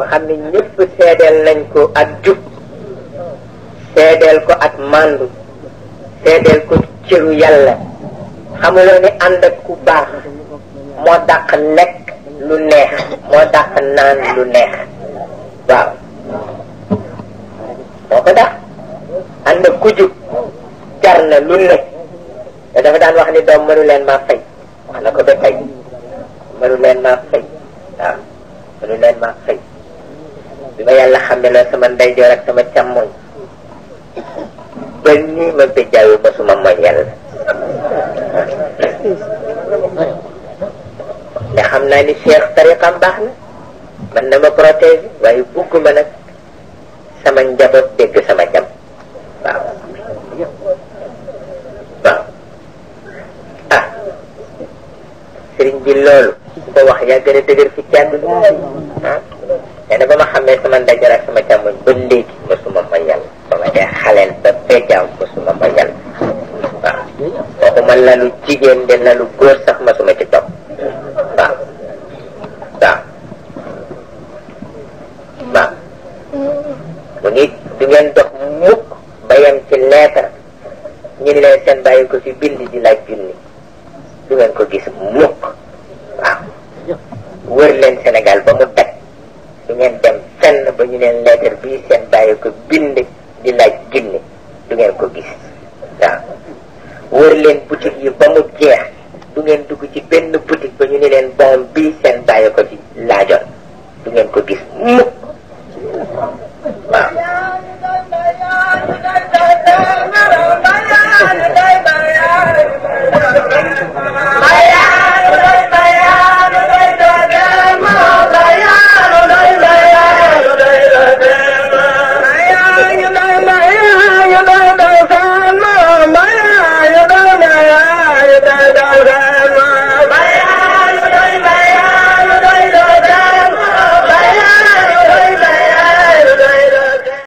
koo xam ne ñëpp seedeel nañ ko ak jub seedeel ko ak màndu seedeel ko cëru yàlla xamuloo ne ànd ak ku baax moo dàq lekk lu neex moo dàq naan lu neex waaw moo ko dàq ànd ak ku jub jar na lu ne te dafa daan wax ni doom mënu maa fay wax na ko ba tey mënu maa fay bi yalla xamé xam ne la sama ndeyjoor ak sama chamoy ben ni ma te jaayu ba suma moñ yalla da xamna ni cheikh tariqam baax na man dama protéger protéger waaye ma nak sama njabot deg sama jam ah. Sering waaw ah sëriñ bi loolu ko wax yaa gën a dëgër fi nee na ba ma xamee sama ndeyjoor ak sama càmmoñ ba léegi mosuma ma yàlla ba ma dee xaleel ba bejaam mosuma ma yàlla waaw waxuma lalu jigéen de lalu sax ci du ngeen dox gis mukk waaw ya. wër leen fenn ba ñu neen lettre bi seen bàyyi ko bind di laaj jinni du ngeen ko gis waaw wër leen boutique yi ba mu jeex du ngeen dugg ci benn boutique ba ñu ne leen bon bii seen bàyyi ko ci laajoon du ngeen ko gis mukk waaw